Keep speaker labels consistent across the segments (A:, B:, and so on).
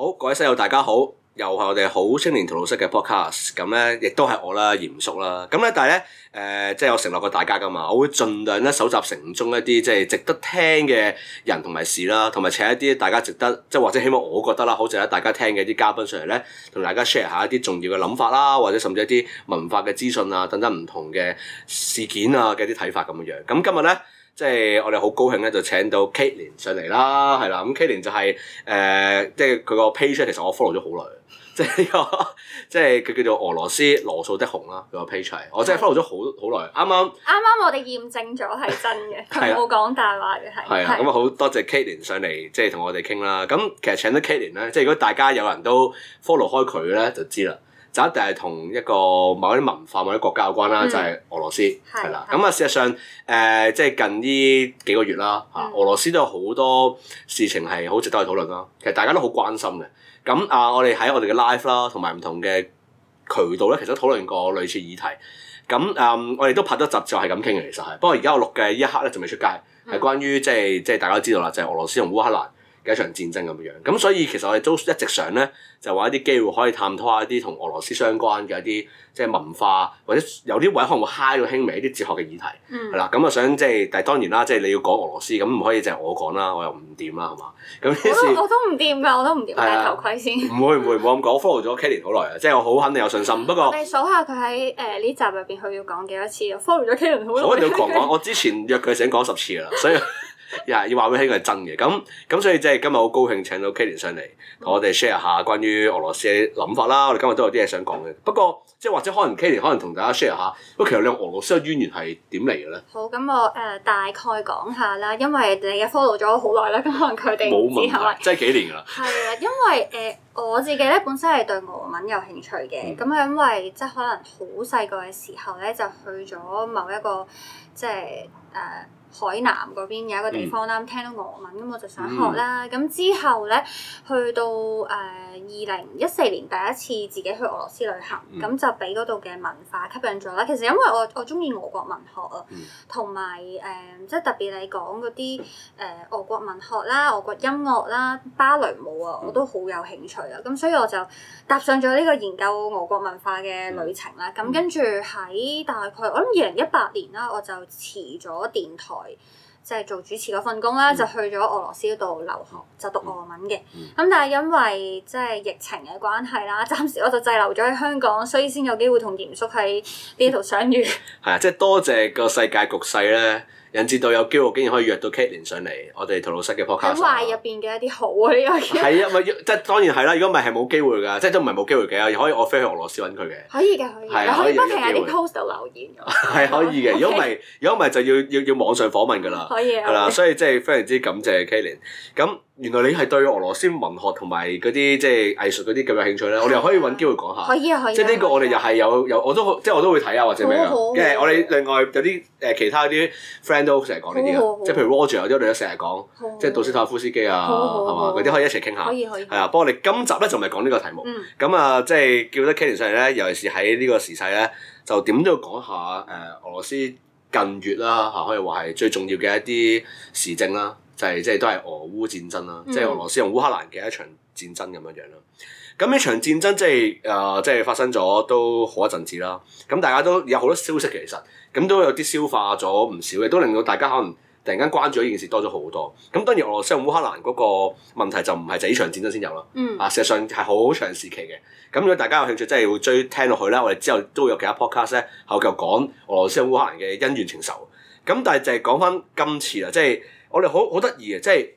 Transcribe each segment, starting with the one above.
A: 好，各位室友大家好，又係我哋好青年荼毒室嘅 podcast，咁咧亦都係我啦，鹽叔啦，咁咧但係咧，誒、呃，即係我承諾過大家噶嘛，我會盡量咧搜集城中一啲即係值得聽嘅人同埋事啦，同埋請一啲大家值得，即係或者希望我覺得啦，好值得大家聽嘅啲嘉賓上嚟咧，同大家 share 下一啲重要嘅諗法啦，或者甚至一啲文化嘅資訊啊，等等唔同嘅事件啊嘅啲睇法咁樣樣，咁、嗯、今日咧。即係我哋好高興咧，就請到 Caitlyn 上嚟啦，係啦，咁 Caitlyn 就係、是、誒、呃，即係佢個 page 咧，其實我 follow 咗好耐，即係呢個，即係佢叫做俄羅斯羅素的紅啦，佢個 page 係，我真係 follow 咗好好耐，啱啱的，
B: 啱啱我哋驗證咗係真嘅，佢冇講大話嘅係。係啊，咁啊好
A: 多謝 Caitlyn 上嚟，即係同我哋傾啦。咁其實請到 Caitlyn 咧，即係如果大家有人都 follow 開佢咧，就知啦。一定係同一個某啲文化、某啲國家有關啦，嗯、就係俄羅斯係啦。咁啊的，的事實上誒、呃，即係近呢幾個月啦，啊、嗯，俄羅斯都有好多事情係好值得去討論囉。其實大家都好關心嘅。咁啊、呃，我哋喺我哋嘅 live 啦，同埋唔同嘅渠道咧，其實都討論過類似議題。咁誒、呃，我哋都拍咗集就係咁傾嘅，其實係。不過而家我錄嘅一刻咧，仲未出街，係、嗯、關於即係即係大家都知道啦，就係、是、俄羅斯同烏克蘭。嘅一場戰爭咁樣，咁所以其實我哋都一直想咧，就話一啲機會可以探討下一啲同俄羅斯相關嘅一啲，即係文化或者有啲位可能會 high 到輕微一啲哲學嘅議題，係啦、嗯。咁我想即係，但係當然啦，即係你要講俄羅斯，咁唔可以淨係我講啦，我又唔掂啦，係嘛？我都我都唔掂㗎，我
B: 都唔掂，戴頭盔先。唔
A: 會唔會唔好咁講，follow 咗 Caitlyn 好耐啊，即係我好肯定有信心。不過你
B: 數下佢喺誒呢集入邊，佢要講幾多次啊？Follow 咗 Caitlyn 好耐。我一定要狂講，我
A: 之前約佢想講十次啦，所以。 又、 yeah，要話俾佢聽係真嘅，咁咁所以即係今日好高興請到 Caitlyn 上嚟，同我哋 share 下關於俄羅斯嘅諗法啦。我哋今日都有啲嘢想講嘅，不過即係或者可能 Caitlyn 可能同大家 share 下，咁其實你俄羅斯嘅淵源係點嚟嘅咧？
B: 好，咁我誒、呃、大概講下啦，因為你 follow 咗好耐啦，咁可能佢哋冇問題，吧即
A: 係幾年啦。係 啊，
B: 因為誒、呃、我自己咧本身係對俄文有興趣嘅，咁係、嗯、因為即係可能好細個嘅時候咧就去咗某一個即係誒。呃海南嗰邊有一個地方啦，聽到俄文咁我就想學啦。咁之後咧，去到誒二零一四年第一次自己去俄羅斯旅行，咁就俾嗰度嘅文化吸引咗啦。其實因為我我中意俄國文學啊，同埋誒即係特別你講嗰啲誒俄國文學啦、俄國音樂啦、芭蕾舞啊，我都好有興趣啊。咁所以我就踏上咗呢個研究俄國文化嘅旅程啦。咁跟住喺大概我諗二零一八年啦，我就辭咗電台。即係做主持嗰份工啦，嗯、就去咗俄羅斯嗰度留學，嗯、就讀俄文嘅。咁、嗯、但係因為即係、就是、疫情嘅關係啦，暫時我就滯留咗喺香港，所以先有機會同鹽叔喺呢度相遇。
A: 係啊， 即、就、係、是、多謝個世界局勢咧。人知道有機會，竟然可以約到 Caitlyn 上嚟，我哋荼毒室嘅 Podcast 入邊嘅
B: 一啲好
A: 啊，呢個嘢。係啊， 咪即係當然係啦，如果唔係係冇機會㗎，即係都唔係冇機會嘅，又可以我飛去俄羅斯揾佢嘅。可以嘅，可以。係可以不停
B: 喺啲 post
A: 度留言。係 可以嘅，如果唔係，如果唔係就要要要網上訪問㗎啦。可以。係啦的，okay. 所以即係非常之感謝 Caitlyn 咁。原來你係對俄羅斯文學同埋嗰啲即係藝術嗰啲咁有興趣咧，我哋又可以揾機會講下。可
B: 以啊，可以。即係呢個
A: 我哋又係有有，我都即係我都會睇啊，或者咩啊，即係我哋另外有啲誒其他啲 friend 都成日講呢啲啊，即係譬如 Roger 有啲我哋都成日講，即係杜斯妥夫斯基啊，係嘛，嗰啲可以一齊傾下。係啊，不過我哋今集咧就唔係講呢個題目。咁啊，即係叫得 Caitlyn 上嚟咧，尤其是喺呢個時勢咧，就點都要講下誒俄羅斯近月啦，嚇可以話係最重要嘅一啲時政啦。就係即係都係俄烏戰爭啦，即係俄羅斯同烏克蘭嘅一場戰爭咁樣樣啦。咁呢場戰爭即係誒即係發生咗都好一陣子啦。咁大家都有好多消息，其實咁都有啲消化咗唔少嘅，都令到大家可能突然間關注呢件事多咗好多。咁當然俄羅斯同烏克蘭嗰個問題就唔係就呢場戰爭先有啦。嗯，啊，事實上係好長時期嘅。咁如果大家有興趣，即係會追聽落去啦。我哋之後都會有其他 podcast 咧，後期講俄羅斯同烏克蘭嘅恩怨情仇。咁但係就係講翻今次啦，即係。我哋好好得意嘅，即係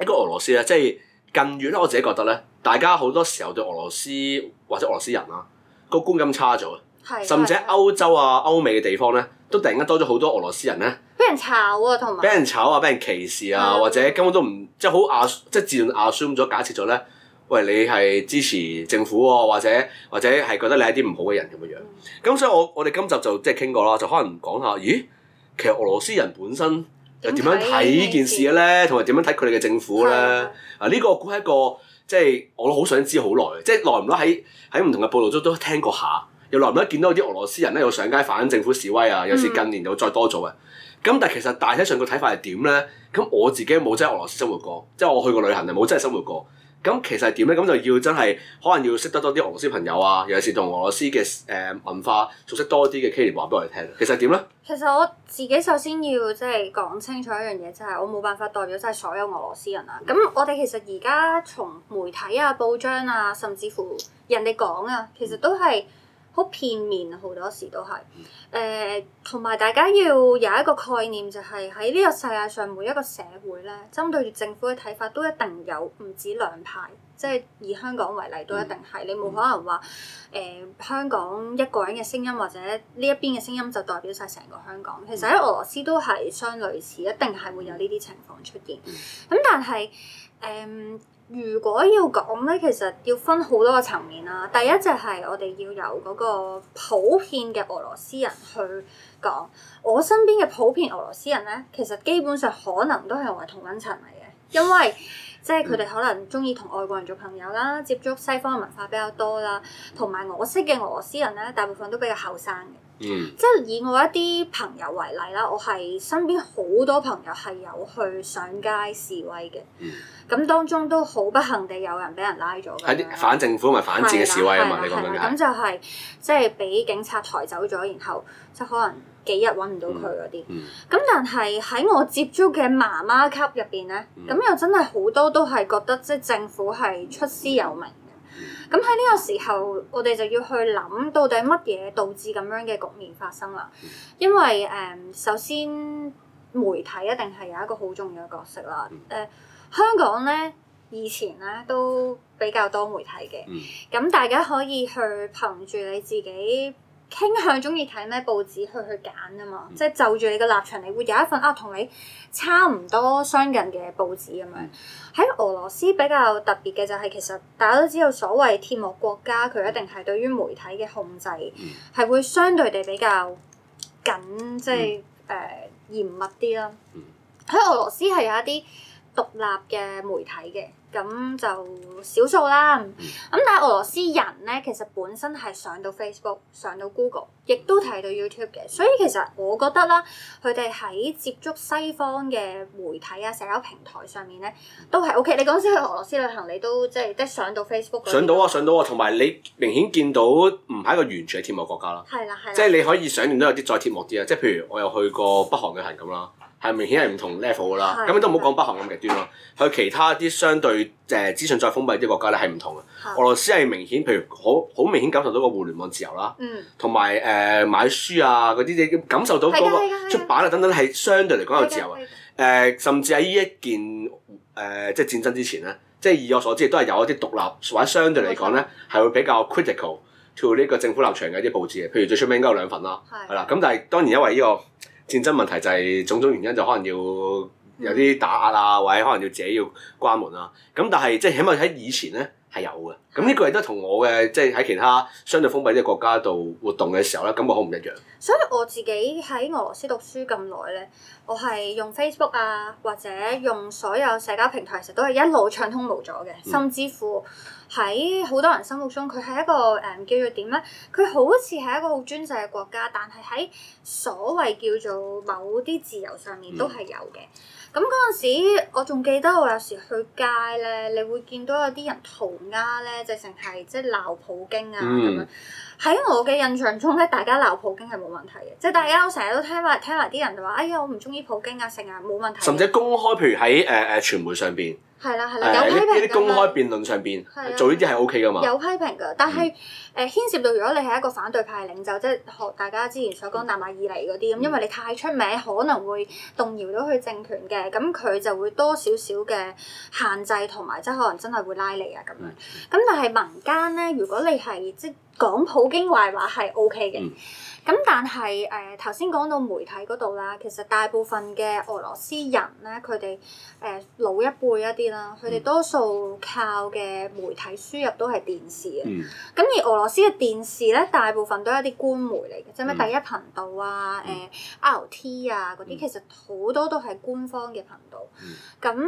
A: 講俄羅斯咧，即係近月咧，我自己覺得咧，大家好多時候對俄羅斯或者俄羅斯人啦、啊，個觀感差咗，是甚至係歐洲啊、是歐美嘅地方咧，都突然間多咗好多俄羅斯人咧，
B: 俾人炒啊，同俾和人
A: 炒啊，俾人歧視啊，啊或者根本都唔即係好啊即係自動 assume 咗、假設咗咧，喂，你係支持政府喎、啊，或者或者係覺得你係啲唔好嘅人咁嘅樣。咁、嗯、所以我我哋今集就即係傾過啦，就可能講下，咦，其實俄羅，羅斯人本身。又點樣睇呢件事嘅咧？同埋點樣睇佢哋嘅政府咧？啊，呢個估係一個即係、就是、我都好想知好耐，即係耐唔耐喺喺唔同嘅報道中都聽過下，又耐唔耐見到有啲俄羅斯人咧有上街反政府示威啊，有時近年又再多咗啊。咁、嗯、但係其實大體上個睇法係點咧？咁我自己冇真係俄羅斯生活過，即、就、係、是、我去過旅行係冇真係生活過。咁其實點咧？咁就要真係可能要識得多啲俄羅斯朋友啊，尤其是同俄羅斯嘅誒、呃、文化熟悉多啲嘅 Caitlyn 話俾我哋聽。其實點咧？
B: 其實我自己首先要即係講清楚一樣嘢，就係、是、我冇辦法代表曬所有俄羅斯人啊。咁、嗯、我哋其實而家從媒體啊、報章啊，甚至乎人哋講啊，其實都係。好片面，好多時都係。誒、同埋大家要有一個概念，就係喺呢個世界上每一個社會咧，針對住政府嘅睇法都一定有，唔止兩派。即係以香港為例，都一定係你冇可能話誒、呃、香港一個人嘅聲音或者呢一邊嘅聲音就代表晒成個香港。其實喺俄羅斯都係相類似，一定係會有呢啲情況出現。咁但係誒、呃，如果要講咧，其實要分好多個層面啦。第一就係我哋要有嗰個普遍嘅俄羅斯人去講。我身邊嘅普遍俄羅斯人咧，其實基本上可能都係話同溫層嚟嘅，因為即係佢哋可能中意同外國人做朋友啦，接觸西方嘅文化比較多啦，同埋我識嘅俄羅斯人咧，大部分都比較後生嘅。嗯，即係以我一啲朋友為例啦，我係身邊好多朋友係有去上街示威嘅。嗯，咁當中都好不幸地有人俾人拉咗嘅。反
A: 政府同埋反戰嘅示威啊嘛，咁樣係。咁
B: 就係、係、即係俾警察抬走咗，然後即可能。幾日揾唔到佢嗰啲，咁但係喺我接觸嘅媽媽級入邊咧，咁又真係好多都係覺得即係政府係出師有名嘅。咁喺呢個時候，我哋就要去諗到底乜嘢導致咁樣嘅局面發生啦。因為誒、嗯，首先媒體一定係有一個好重要嘅角色啦。誒、呃，香港咧以前咧都比較多媒體嘅，咁大家可以去憑住你自己。傾向中意睇咩報紙，去去揀啊嘛，即係、嗯、就住你嘅立場，你會有一份啊同你差唔多相近嘅報紙咁樣。喺、嗯、俄羅斯比較特別嘅就係，其實大家都知道所謂鐵幕國家，佢一定係對於媒體嘅控制係會相對地比較緊，即係誒嚴密啲啦。喺、嗯、俄羅斯係有一啲獨立嘅媒體嘅。咁就少數啦。咁但係俄羅斯人咧，其實本身係上到 Facebook、上到 Google，亦都睇到 YouTube 嘅。所以其實我覺得啦，佢哋喺接觸西方嘅媒體啊、社交平台上面咧，都係 OK。你嗰陣時去俄羅斯旅行，你都即係即係上到 Facebook。上
A: 到啊，上到啊，同埋你明顯見到唔係一個完全嘅鐵幕國家啦。係
B: 啦，係。即係
A: 你可以想象到有啲再鐵幕啲啊，即係譬如我有去過北韓嘅行咁啦。係明顯係唔同 level 嘅啦，咁你都唔好講北韓咁極端咯，去 其他啲相對誒資訊再封閉啲國家咧，係唔同嘅。啊、俄羅斯係明顯，譬如好好明顯感受到個互聯網自由啦，同埋誒買書啊嗰啲嘢，感受到嗰個出版啊等等係相對嚟講有自由嘅。誒、呃，甚至喺呢一件誒、呃、即係戰爭之前咧，即係以我所知都係有一啲獨立或者相對嚟講咧係會比較 critical to 呢個政府立場嘅一啲報紙嘅，譬如最出名應該有兩份啦，係啦。咁但係當然因為呢、呢個。戰爭問題就係種種原因就可能要有啲打壓啊，或者可能要自己要關門啊。咁但係即係起碼喺以前呢係有嘅。咁呢個亦都同我嘅即係喺其他相對封閉啲國家度活動嘅時候呢，感覺好唔一樣。
B: 所以我自己喺俄羅斯讀書咁耐呢，我係用 Facebook 啊，或者用所有社交平台其實都係一路暢通無阻嘅，嗯、甚至乎。喺好多人心目中，佢係一個誒、嗯、叫做點咧？佢好似係一個好專制嘅國家，但係喺所謂叫做某啲自由上面都係有嘅。咁嗰陣時，我仲記得我有時去街咧，你會見到有啲人塗鴉咧，直情係即係鬧普京啊咁、嗯、樣。喺我嘅印象中咧，大家鬧普京係冇問題嘅，即係大家、嗯、我成日都聽埋聽埋啲人就話：哎呀，我唔中意普京啊，成日冇問
A: 題。甚至公開，譬如喺誒誒傳媒上邊。
B: 係啦係啦，啊啊、有批評㗎啦。呢啲公開
A: 辯論上邊、啊、做呢啲係 O K 㗎嘛？有
B: 批評㗎，但係誒、嗯呃、牽涉到如果你係一個反對派領袖，即係學大家之前所講納馬爾尼嗰啲咁，嗯、因為你太出名，可能會動搖到佢政權嘅，咁佢就會多少少嘅限制同埋，即係可能真係會拉你啊咁樣。咁、嗯嗯、但係民間咧，如果你係即係。講普京壞話係 O K 嘅，咁、嗯、但係誒頭先講到媒體嗰度啦，其實大部分嘅俄羅斯人咧，佢哋誒老一輩一啲啦，佢哋多數靠嘅媒體輸入都係電視啊。咁、嗯、而俄羅斯嘅電視咧，大部分都係啲官媒嚟嘅，即係咩第一頻道啊、誒、嗯呃、RT 啊嗰啲，嗯、其實好多都係官方嘅頻道。咁、嗯、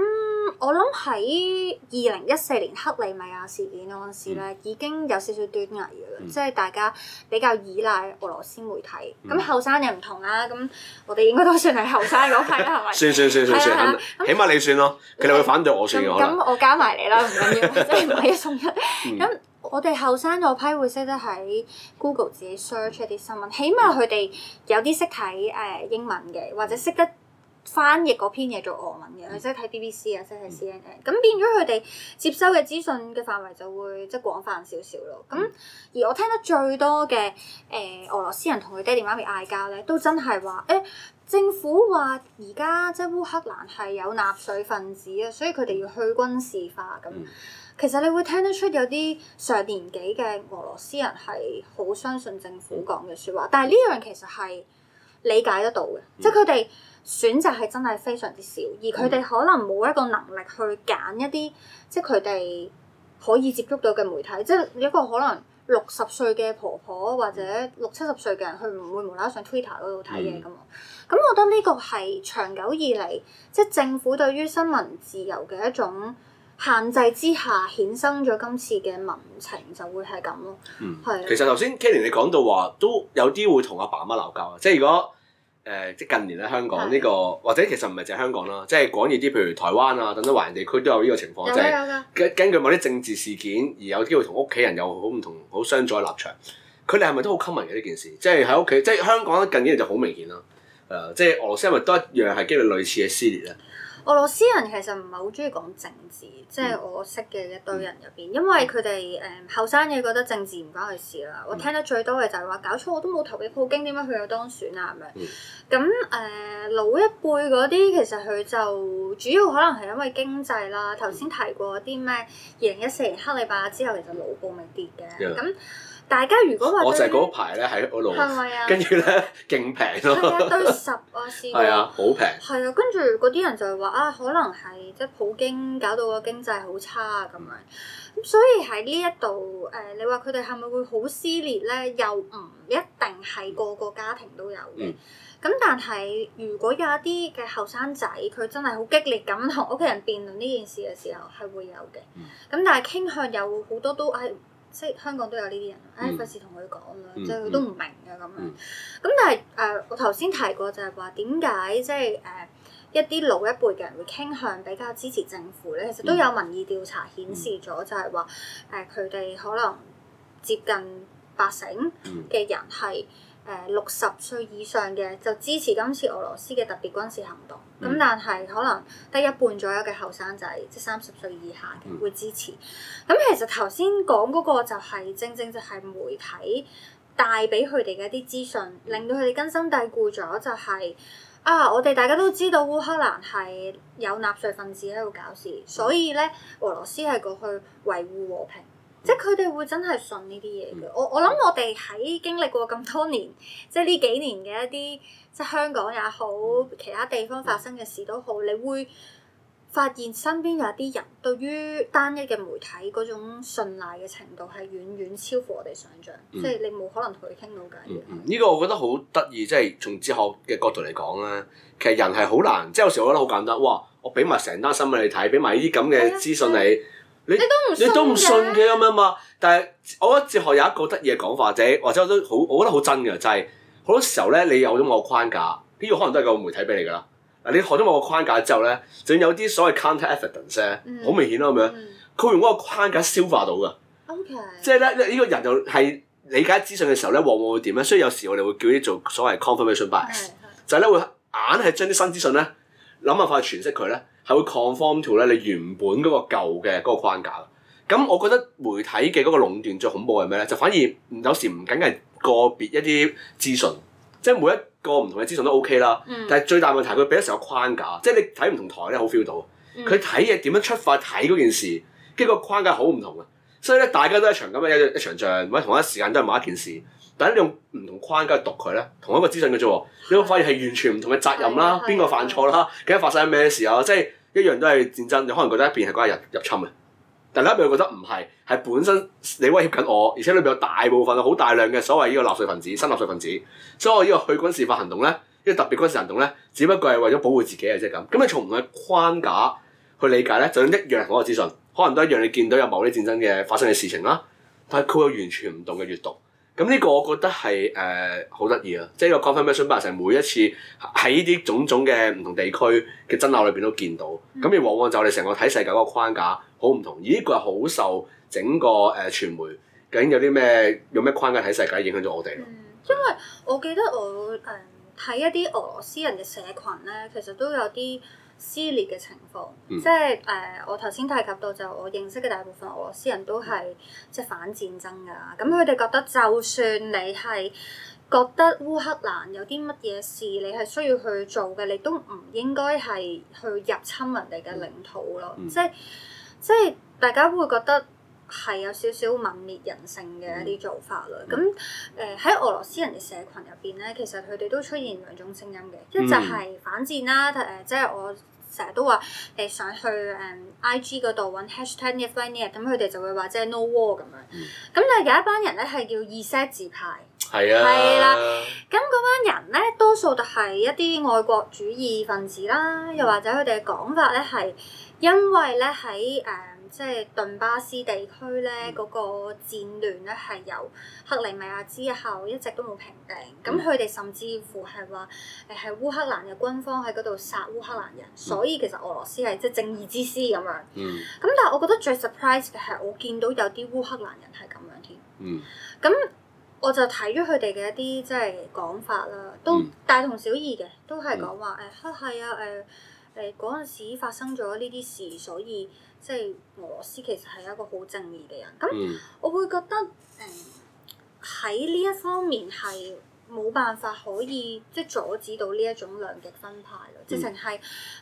B: 我諗喺二零一四年克里米亞事件嗰陣時咧，嗯、已經有少少，少，少端倪嘅啦。即係大家比較依賴俄羅斯媒體，咁後生又唔同啦。咁我哋應該都算係後生嗰批，係咪？算算算算算。係啊，
A: 起碼你算咯，佢哋會反對我算嘅。咁
B: 我加埋你啦，唔緊要，即係買一送一。咁我哋後生嗰批會識得喺 Google 自己 search 一啲新聞，起碼佢哋有啲識睇誒英文嘅，或者識得。翻譯嗰篇嘢做俄文嘅，佢識睇 BBC 啊，識睇 CNN，咁變咗佢哋接收嘅資訊嘅範圍就會即係廣泛少少咯。咁、嗯、而我聽得最多嘅誒、呃、俄羅斯人同佢爹哋媽咪嗌交咧，都真係話誒政府話而家即係烏克蘭係有納粹分子啊，所以佢哋要去軍事化咁。其實你會聽得出有啲上年紀嘅俄羅斯人係好相信政府講嘅説話，但係呢樣其實係理解得到嘅，即係佢哋。嗯選擇係真係非常之少，而佢哋可能冇一個能力去揀一啲，嗯、即係佢哋可以接觸到嘅媒體，即係一個可能六十歲嘅婆婆或者六七十歲嘅人，佢唔會無啦上 Twitter 嗰度睇嘢噶嘛。咁、嗯、我覺得呢個係長久以嚟，即係政府對於新聞自由嘅一種限制之下，衍生咗今次嘅民情就會係咁咯。
A: 係、嗯、的其實頭先 Caitlyn 你講到話，都有啲會同阿爸媽鬧交啊，即係如果。誒，即近年咧，香港呢個，的或者其實唔係淨係香港啦，即係廣義啲，譬如台灣啊等等華人地區都有呢個情況，即係根根據某啲政治事件而有機會同屋企人有好唔同、好相左嘅立場。佢哋係咪都好 common 嘅呢件事？即係喺屋企，即係香港近幾年就好明顯啦。誒、呃，即係俄羅斯係咪都一樣係經歷類似嘅撕裂啊！
B: 俄羅斯人其實唔係好中意講政治，即係我識嘅一堆人入邊，因為佢哋誒後生嘅覺得政治唔關佢事啦。我聽得最多嘅就係話搞錯，我都冇投俾普京，點解佢有當選啊？咁樣。咁誒老一輩嗰啲，其實佢就主要可能係因為經濟啦。頭先提過啲咩？二零一四年克里米亞之後，其實盧布咪跌嘅。咁。大家如果話，我就係嗰
A: 排咧喺嗰度，係咪啊、跟住咧勁平咯，一堆
B: 十我試過，係啊好平，係啊跟住嗰啲人就係話啊，可能係即係普京搞到個經濟好差咁樣，咁、嗯、所以喺呢一度誒，你話佢哋係咪會好撕裂咧？又唔一定係個個家庭都有嘅，咁、嗯、但係如果有啲嘅後生仔，佢真係好激烈咁同屋企人辯論呢件事嘅時候，係會有嘅，咁、嗯、但係傾向有好多都係。即係香港都有呢啲人，唉、嗯，費事同佢講啦，即係佢都唔明嘅咁、嗯、樣。咁、嗯、但係誒、呃，我頭先提過就係話點解即係誒一啲老一輩嘅人會傾向比較支持政府咧？其實都有民意調查顯示咗，就係話誒佢哋可能接近八成嘅人係。誒六十歲以上嘅就支持今次俄羅斯嘅特別軍事行動，咁但係可能得一半左右嘅後生仔，即三十歲以下嘅會支持。咁其實頭先講嗰個就係、是、正正就係媒體帶俾佢哋嘅一啲資訊，令到佢哋根深蒂固咗，就係、是、啊，我哋大家都知道烏克蘭係有納粹分子喺度搞事，所以呢俄羅斯係過去維護和平。即係佢哋會真係信呢啲嘢嘅，我我諗我哋喺經歷過咁多年，即係呢幾年嘅一啲，即係香港也好，其他地方發生嘅事都好，你會發現身邊有啲人對於單一嘅媒體嗰種信賴嘅程度係遠遠超乎我哋想象，即係、嗯、你冇可能同佢傾到偈。
A: 呢、嗯嗯嗯呢個我覺得好得意，即係從哲學嘅角度嚟講咧，其實人係好難，即係有時我覺得好簡單，哇！我俾埋成單新聞你睇，俾埋呢啲咁嘅資訊你。嗯嗯嗯嗯嗯你，你都唔信你都唔信佢咁樣嘛？啊、但係我覺得哲學有一個得意嘅講法，或者或者我都好，我覺得好真嘅，就係、是、好多時候咧，你有咗我個框架，呢個可能都係一個媒體俾你㗎啦。嗱，你學咗我個框架之後咧，就有啲所謂 counter evidence 咧、嗯，好明顯咯，咁、嗯、樣佢用嗰個框架消化到㗎。O K。即係咧，呢個人就係理解資訊嘅時候咧，往往會點咧？所以有時我哋會叫啲做所謂 confirmation bias，、嗯、就係咧會硬係將啲新資訊咧諗辦法去詮釋佢咧。係會 conform to 咧，你原本嗰個舊嘅嗰個框架。咁我覺得媒體嘅嗰個壟斷最恐怖係咩咧？就反而有時唔僅係個別一啲資訊，即係每一個唔同嘅資訊都 OK 啦。但係最大問題佢俾咗成個框架，即係你睇唔同台咧好 feel 到，佢睇嘢點樣出發睇嗰件事，跟住個框架好唔同啊！所以咧大家都係一場咁樣一場一場仗，或者同一時間都係某一件事。但係，你用唔同框架去讀佢咧，同一個資訊嘅啫喎，你會的發現係完全唔同嘅責任啦，邊的個犯錯啦？今日的發生咩事啊？即係一樣都係戰爭，你可能覺得一邊係關於入入侵嘅，但另一邊又覺得唔係，係本身你威脅緊我，而且裏面有大部分好大量嘅所謂呢個納粹分子、新納粹分子，所以我呢個去軍事化行動咧，呢、呢個特別軍事行動咧，只不過係為咗保護自己嘅啫。係咁。咁你從唔同嘅框架去理解咧，就一樣我嘅資訊，可能都一樣你見到有某啲戰爭嘅發生嘅事情啦，但係佢有完全唔同嘅閱讀。咁呢個我覺得係誒好得意啊。即係個 confirmation bias 每一次喺呢啲種種嘅唔同地區嘅爭拗裏邊都見到，咁你、嗯、往往就我哋成個睇世界嗰個框架好唔同，而呢個係好受整個誒、呃、傳媒究竟有啲咩用咩框架睇世界影響咗我哋咯、嗯。
B: 因為我記得我誒睇、嗯、一啲俄羅斯人嘅社群咧，其實都有啲撕裂嘅情況，嗯、即係誒、呃，我頭先提及到就我認識嘅大部分俄羅斯人都係、嗯、即係反戰爭㗎，咁佢哋覺得就算你係覺得烏克蘭有啲乜嘢事，你係需要去做嘅，你都唔應該係去入侵人哋嘅領土咯、嗯，即係即係大家會覺得，係有少少泯滅人性嘅一啲做法啦。咁誒喺俄羅斯人嘅社群入邊咧，其實佢哋都出現兩種聲音嘅，嗯、一就係反戰啦，誒、呃、即係我成日都話誒想去誒 I G 嗰度揾 hashtag net voyne 咁，佢、嗯、哋就會話即係 no war 咁樣。咁但係有一班人咧係叫 Z 字派，
A: 係啊，係啦。
B: 咁嗰班人咧多數就係一啲愛國主義分子啦，又或者佢哋嘅講法咧係因為咧喺誒。即係頓巴斯地區咧，嗰、嗯、個戰亂咧係由克里米亞之後一直都冇平定。咁佢哋甚至乎係話誒係烏克蘭嘅軍方喺嗰度殺烏克蘭人，嗯、所以其實俄羅斯係即係正義之師咁樣。咁、嗯、但係我覺得最 surprise 嘅係我見到有啲烏克蘭人係咁樣添。咁、嗯、我就睇咗佢哋嘅一啲即係講法啦，都大同小異嘅，都係講話誒，係啊誒誒嗰陣時發生咗呢啲事，所以。即係俄羅斯其實係一個好正義嘅人，咁我會覺得誒喺呢一方面係冇辦法可以即係阻止到呢一種兩極分派咯，嗯、即係成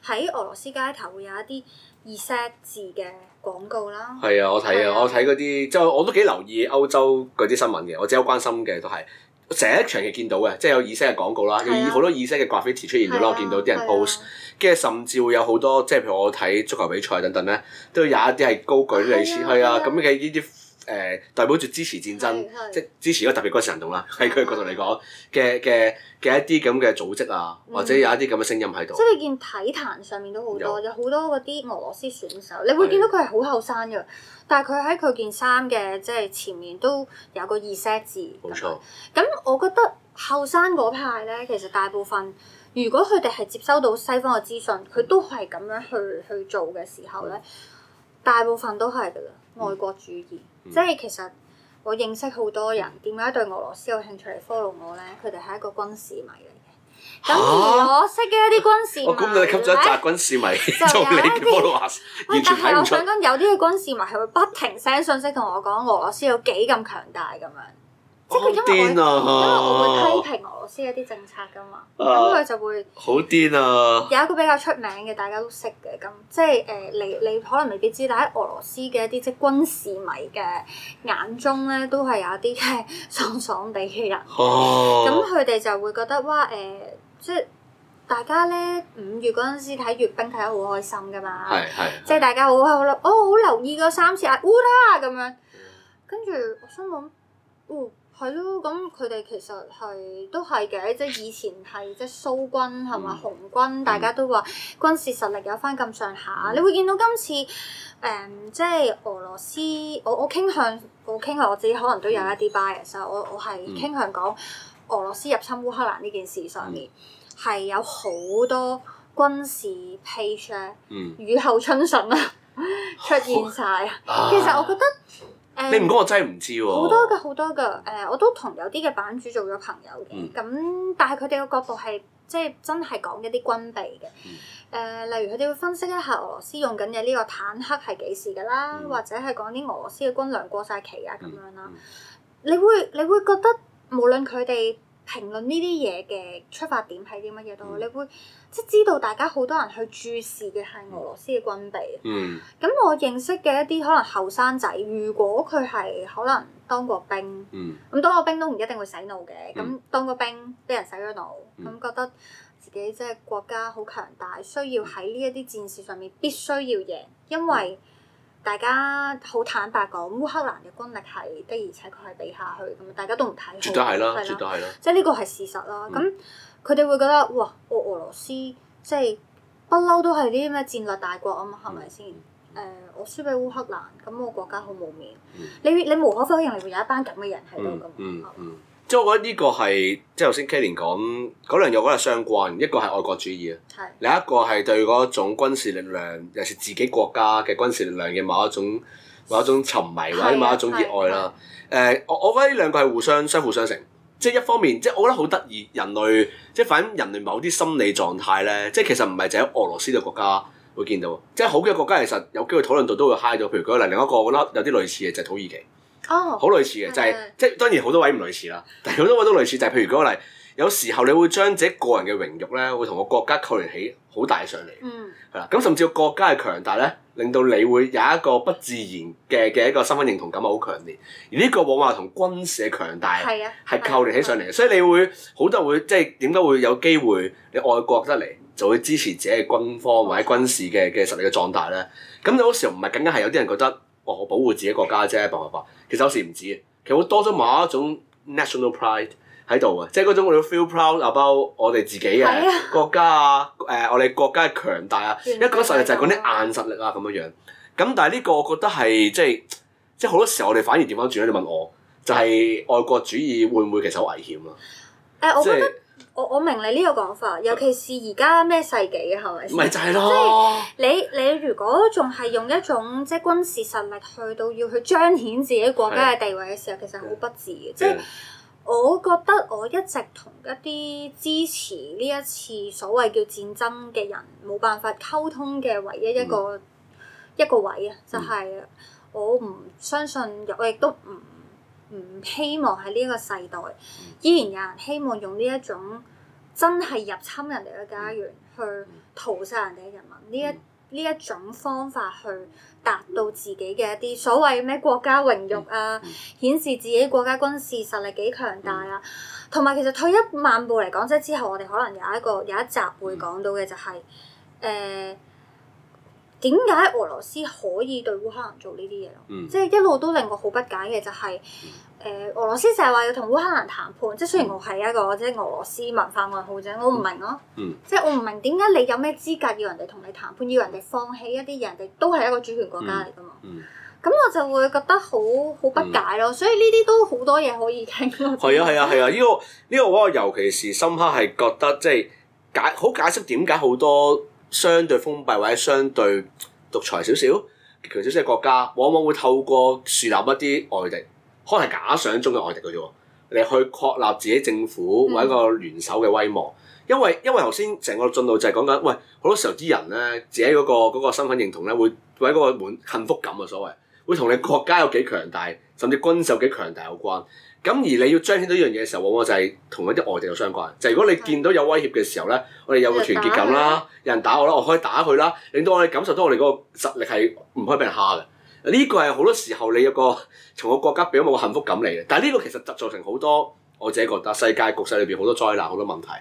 B: 喺俄羅斯街頭會有一啲 Z 字嘅廣告啦。係、嗯、啊，我睇
A: 啊，啊我睇嗰啲，即係我，我都幾留意歐洲嗰啲新聞嘅，我只有關心嘅都係。成一場嘅見到嘅，即係有 Z 字嘅廣告啦，啊、有好多有 Z 字嘅 graffiti 出現咗啦，啊、我見到啲人 post，跟住甚至會有好多，即係譬如我睇足球比賽等等咧，都有一啲係高舉啲意思，係啊，咁嘅呢啲。誒、呃、代表住支持戰爭，即支持嗰特別軍事行動啦。喺佢的角度嚟講嘅嘅嘅一啲咁嘅組織啊，嗯、或者有一啲咁嘅聲音喺度。即係
B: 你見體壇上面都好多，有好多嗰啲俄羅斯選手，你會見到佢係好後生嘅。的但係佢喺佢件衫嘅即係前面都有個 Z 字。冇錯。咁我覺得後生嗰派咧，其實大部分如果佢哋係接收到西方嘅資訊，佢都係咁樣去去做嘅時候咧，大部分都係㗎。外國主義，嗯、即係其實我認識好多人點解對俄羅斯有興趣嚟 follow 我咧？佢哋係一個軍事迷嚟
A: 嘅。咁蛤我
B: 識嘅一啲軍事迷，我估佢哋吸咗一紮
A: 軍事迷做你嘅 followers，完全睇唔出。但係我想講，
B: 有啲嘅軍事迷係 會不停 send 信息同我講俄羅斯有幾咁強大咁樣。即係因
A: 為我，因為我會批
B: 評、啊、俄羅斯一啲政策噶嘛，咁佢、啊、就會好
A: 癲啊！有
B: 一個比較出名嘅，大家都識嘅，咁即係誒、呃，你你可能未必知道，但喺俄羅斯嘅一啲即係軍事迷嘅眼中咧，都係有一啲係爽爽地嘅人。哦，咁佢哋就會覺得哇誒、呃，即係大家咧五月嗰陣時睇閱兵睇得好開心噶嘛，係係，即係大家好好留哦好留意嗰三次啊烏啦咁樣，跟住我心諗，嗯、哦。哦哦係咯，咁佢哋其實係都係嘅，即係以前係即係蘇軍係嘛、嗯、紅軍，大家都話軍事實力有翻咁上下。嗯、你會見到今次誒、嗯，即係俄羅斯，我我傾向，我傾向我自己可能都有一啲 bias、嗯、我我係傾向講俄羅斯入侵烏克蘭呢件事上面係、嗯、有好多軍事 page、嗯、雨後春筍啊， 出現曬了。啊啊、其實我覺得。嗯、
A: 你唔講我真係唔知
B: 喎、啊。好多噶，好多噶，誒、呃，我都同有啲嘅版主做咗朋友嘅，咁、嗯、但係佢哋嘅角度係即係真係講一啲軍備嘅，誒、嗯呃，例如佢哋會分析一下俄羅斯用緊嘅呢個坦克係幾時噶啦，嗯、或者係講啲俄羅斯嘅軍糧過晒期啊咁樣啦。嗯嗯、你會你會覺得無論佢哋評論呢啲嘢嘅出發點係啲乜嘢都好？嗯、你會即、就是、知道大家好多人去注視嘅係俄羅斯嘅軍備。嗯。咁我認識嘅一啲可能後生仔，如果佢係可能當過兵。嗯。咁當過兵都唔一定會洗腦嘅，咁、嗯、當過兵俾人洗咗腦，咁、嗯、覺得自己即係國家好強大，需要喺呢一啲戰事上面必須要贏，因為、嗯。大家好坦白講，烏克蘭嘅軍力係的，而且確係比下去咁，大家都唔睇好，絕對係啦，係啦，絕對係啦。即係呢個係事實咯。咁佢哋會覺得哇，我俄羅斯即係不嬲都係啲咩戰略大國啊嘛，係咪先？誒、嗯呃，我輸俾烏克蘭，咁我國家好冇面。嗯、你你無可否認，係會有一班咁嘅人喺
A: 度噶嘛。嗯嗯嗯嗯即係我覺得呢個係即係頭先 Kenny 講嗰兩樣嘢相關，一個係愛國主義啊，的另一個係對嗰種軍事力量，尤其是自己國家嘅軍事力量嘅某一種某一種沉迷或者某一種熱愛啦。誒、呃，我我覺得呢兩個係互相相輔相成。即係一方面，即係我覺得好得意，人類即係反正人類某啲心理狀態咧。即係其實唔係淨係俄羅斯嘅國家會見到，即係好嘅國家其實有機會討論到都會 high 咗。譬如講，例如另一個，我覺得有啲類似嘅就係、是、土耳其。哦，好類似嘅就係、是、的即係當然好多位唔類似啦，但係好多位都類似，就係、是、譬如舉個例，有時候你會將自己個人嘅榮辱咧，會同個國家扣連起好大上嚟，係啦、嗯。咁甚至個國家嘅強大咧，令到你會有一個不自然嘅嘅一個身份認同感好強烈，而呢個往往同軍事嘅強大係啊，係的扣連起上嚟，的所以你會好的多人會即係點解會有機會你愛國得嚟就會支持自己嘅軍方或者軍事嘅嘅、嗯、實力嘅壯大咧。咁有時候唔係更加係有啲人覺得。我、哦、保護自己國家啫噃，其實有時唔止嘅，其實好多咗某一種 national pride 喺度啊，即係嗰種我哋 feel proud about 我哋自己嘅國家啊、誒、呃、我哋國家嘅強大啊。一講實力就係講啲硬實力啊咁樣樣。咁但係呢個我覺得係即係即係好多時候我哋反而點樣轉咧，你問我就係、是、愛國主義會唔會其實好危險啊？呃、即係是。呃
B: 我我明你呢個講法，尤其是而家咩世紀嘅係咪？咪就係咯！即係你你如果仲係用一種即係、就是、軍事實力去到要去彰顯自己國家嘅地位嘅時候，的其實好不智嘅。即係的我覺得我一直同一啲支持呢一次所謂叫戰爭嘅人冇辦法溝通嘅唯一一個、嗯、一個位啊，就係、是、我唔相信，我亦都唔唔希望喺呢一個世代，依然有人希望用呢一種真係入侵人哋嘅家園，去屠殺人哋嘅人民呢一呢一種方法去達到自己嘅一啲所謂咩國家榮辱啊，顯、嗯嗯、示自己國家軍事實力幾強大啊。同埋、嗯嗯、其實退一萬步嚟講，即之後我哋可能有一個有一集會講到嘅就係、是，誒、呃。點解俄羅斯可以對烏克蘭做呢啲嘢咯？即係、嗯、一路都令我好不解嘅就係、是，誒、呃，俄羅斯成日話要同烏克蘭談判，嗯、即係雖然我係一個即係俄羅斯文化愛好者，我唔明咯、啊，嗯、即係我唔明點解你有咩資格要人哋同你談判，要人哋放棄一啲人哋都係一個主權國家嚟㗎嘛？咁、嗯嗯、我就會覺得好好不解咯。所以呢啲都好多嘢可以傾
A: 咯。係啊係啊係啊！呢、啊啊啊這個呢、這個話我、這個、尤其是深刻係覺得，即、就、係、是、解好解釋點解好多，相對封閉或者相對獨裁少少、強少少嘅國家，往往會透過樹立一啲外敵，可能係假想中嘅外敵嘅啫，嚟去確立自己政府或者一個聯手嘅威望。嗯、因為因為頭先成個進路就係講緊，喂，好多時候啲人咧，自己嗰、那個那個身份認同咧，會有一個滿幸福感嘅所謂，會同你國家有幾強大，甚至軍事幾強大有關。咁而你要彰顯到一樣嘢嘅時候，往往就係同一啲外敵有相關。就係如果你見到有威脅嘅時候咧，我哋有個團結感啦，他他有人打我啦，我可以打佢啦，令到我哋感受到我哋嗰個實力係唔可以俾人蝦嘅。呢、這個係好多時候你有個從個國家俾到我幸福感嚟嘅。但係呢個其實就造成好多，我自己覺得世界局勢裏邊好多災難、好多問題。誒、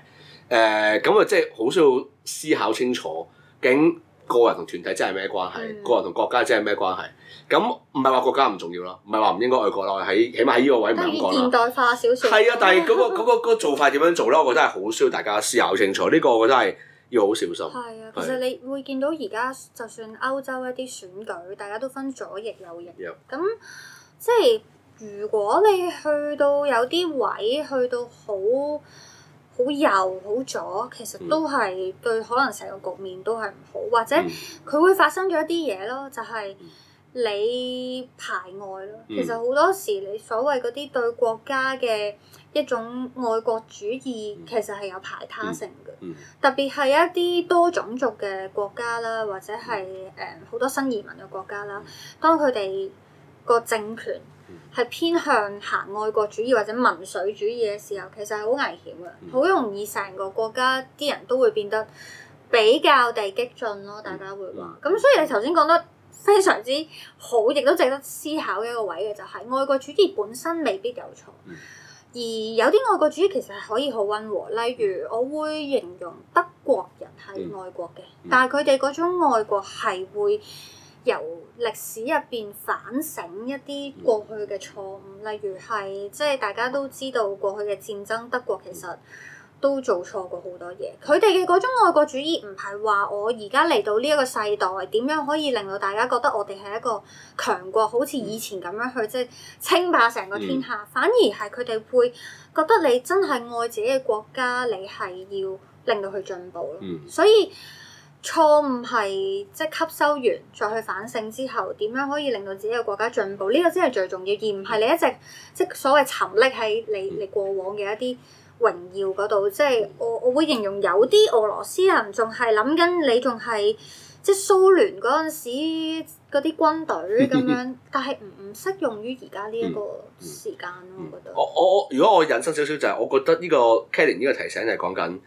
A: 呃，咁啊，即係好需要思考清楚，究竟，個人同團體真係咩關係？嗯、個人同國家真係咩關係？咁唔係話國家唔重要咯，唔係話唔應該愛國咯。喺起碼喺呢個位唔係咁講。現
B: 代化少少。係啊，但係嗰
A: 個、嗰個嗰個做法點樣做咧？我覺得係好需要大家思考清楚。呢、呢個我覺得係要好小心。係啊，是其實
B: 你會見到而家就算歐洲一啲選舉，大家都分左翼右翼。咁 Yep. 即係如果你去到有啲位，去到好。好右好左，其實都係對可能成個局面都係唔好，或者佢會發生咗一啲嘢咯，就係你排外咯。其實好多時你所謂嗰啲對國家嘅一種愛國主義，其實係有排他性嘅，特別係一啲多種族嘅國家啦，或者係誒好多新移民嘅國家啦，當佢哋個政權係偏向行愛國主義或者民粹主義嘅時候，其實係好危險嘅，好容易成個國家啲人都會變得比較地激進咯。大家會話，咁所以你頭先講得非常之好，亦都值得思考嘅一個位嘅就係愛國主義本身未必有錯，而有啲愛國主義其實係可以好温和。例如，我會形容德國人係愛國嘅，但係佢哋嗰種愛國係會由。歷史入邊反省一啲過去嘅錯誤，例如係即係大家都知道過去嘅戰爭，德國其實都做錯過好多嘢。佢哋嘅嗰種愛國主義唔係話我而家嚟到呢一個世代點樣可以令到大家覺得我哋係一個強國，好似以前咁樣去即係稱霸成個天下。嗯、反而係佢哋會覺得你真係愛自己嘅國家，你係要令到佢進步咯。嗯、所以。錯誤係即係吸收完，再去反省之後，點樣可以令到自己嘅國家進步？呢個先係最重要，而唔係你一直即係所謂沉溺喺你你過往嘅一啲榮耀嗰度。即係我我會形容有啲俄羅斯人仲係諗緊，你仲係即係蘇聯嗰陣時嗰啲軍隊咁樣， 但係唔唔適用於而家呢一個時間咯。 我覺得
A: 我我我如果我引申少少就係，我覺得呢個 Caitlyn 呢個提醒就係講緊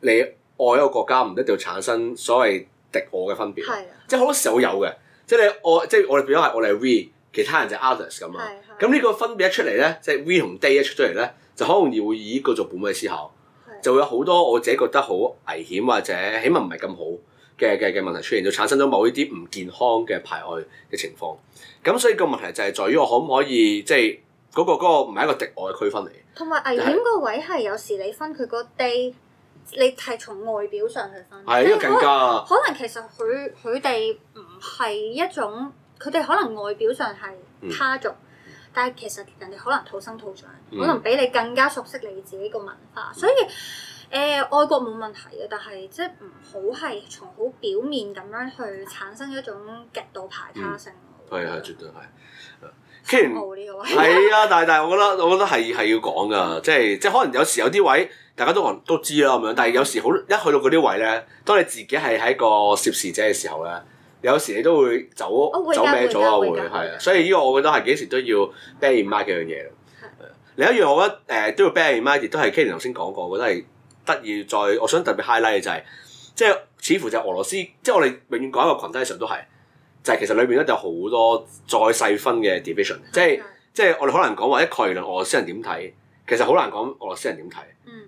A: 你。愛一個國家唔一定要產生所謂敵我嘅分別，的即係好多時候有嘅，即係我即係我哋變咗係我哋係 we，其他人就 others 咁樣。咁呢的個分別一出嚟咧，即係 we 同 they 一出咗嚟咧，就好容易會以個做本位思考，的就會有好多我自己覺得好危險或者起碼唔係咁好嘅嘅嘅問題出現，就產生咗某一啲唔健康嘅排外嘅情況。咁所以個問題就係在於我可唔可以即係嗰、嗰個、嗰個唔係、嗰個、一個敵我嘅區分嚟？
B: 同埋危險個位係有時你分佢個 day。你係從外表上去分，即係、嗯這個、可能可能其實佢佢哋唔係一種，佢哋可能外表上係他族，嗯、但係其實人哋可能土生土長，嗯、可能比你更加熟悉你自己個文化，所以誒愛、呃、國冇問題嘅，但係即係唔好係從好表面咁樣去產生一種極度排他性。
A: 係係、嗯、絕對係，呢個位係啊，但係但係我覺得我覺得係係要講噶、就是，即係即係可能有時有啲位。大家都講都知啦咁樣，但係有時好一去到嗰啲位咧，當你自己係喺個涉事者嘅時候咧，有時你都會走會走歪咗啊！會係啊的，所以呢個我覺得係幾時都要 bear in mind 幾樣嘢。的另一樣我覺得誒、呃、都要 bear in mind，亦都係 Kenny 頭先講過，我覺得係得意再我想特別 highlight 嘅就係、是，即係似乎就俄羅斯，即係我哋永遠講一個羣體嘅時候都係，就係、是、其實裏面一定有好多再細分嘅 division，的的即係即係我哋可能講話一概而論俄羅斯人點睇。其實好難講俄羅斯人點睇，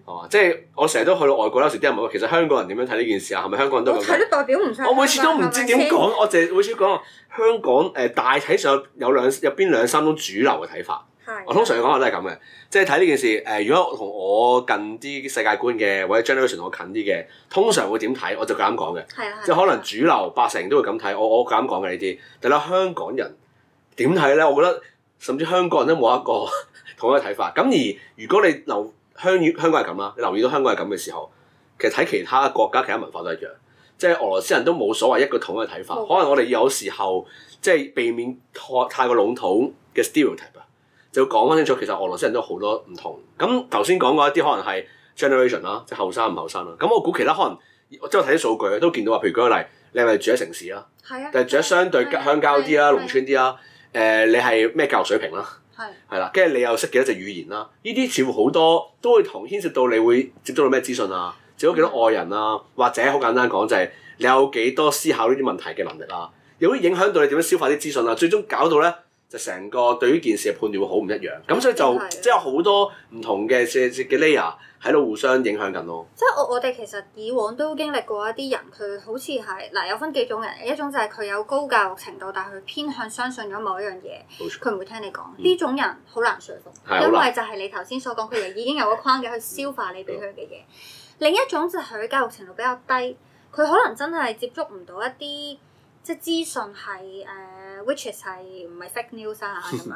A: 哦、嗯啊，即係我成日都去到外國有時啲人問我，其實香港人點樣睇呢件事啊？係咪香港人都咁睇？都
B: 代表唔我每次都唔知點講，
A: 我就每次講香港誒、呃、大體上有兩入邊兩,兩三種主流嘅睇法。的我通常講我都係咁嘅，即係睇呢件事誒、呃。如果同我近啲世界觀嘅，或者 generation 我近啲嘅，通常會點睇？我就咁講嘅，即係可能主流八成都會咁睇。我我咁講嘅呢啲，但係香港人點睇咧？我覺得甚至香港人都冇一個。同一個睇法，咁而如果你留香香港係咁啦。你留意到香港係咁嘅時候，其實睇其他國家、其他文化都係一樣，即係俄羅斯人都冇所謂一個同一嘅睇法。嗯、可能我哋有時候即係、就是、避免太過籠統嘅 stereotype 啊，就講翻清楚，其實俄羅斯人都好多唔同。咁頭先講過一啲可能係 generation 啦，即係後生唔後生啦。咁我估其他可能即係睇啲數據都見到話，譬如舉個例，你係咪住喺城市啊？但係住喺相對鄉郊啲啦、農村啲啦，誒、啊，你係咩教育水平啦、啊？係，係啦，跟住你又識幾多隻語言啦？呢啲似乎好多都會同牽涉到你會接觸到咩資訊啊，接觸幾多外人啊，或者好簡單講就係你有幾多思考呢啲問題嘅能力啊，亦都會影響到你點樣消化啲資訊啊，最終搞到咧。就成個對於件事嘅判斷會好唔一樣，咁所以就即係好多唔同嘅嘅 layer 喺度互相影響緊咯。
B: 即係我我哋其實以往都經歷過一啲人，佢好似係，嗱，有分幾種人，一種就係佢有高教育程度，但係佢偏向相信咗某一樣嘢，佢唔會聽你講。呢種人好難說服，因為就係你頭先所講，佢哋已經有個框架去消化你俾佢嘅嘢。另一種就係佢教育程度比較低，佢可能真係接觸唔到一啲即係資訊係誒。which is 係唔係 fake news 啊咁樣，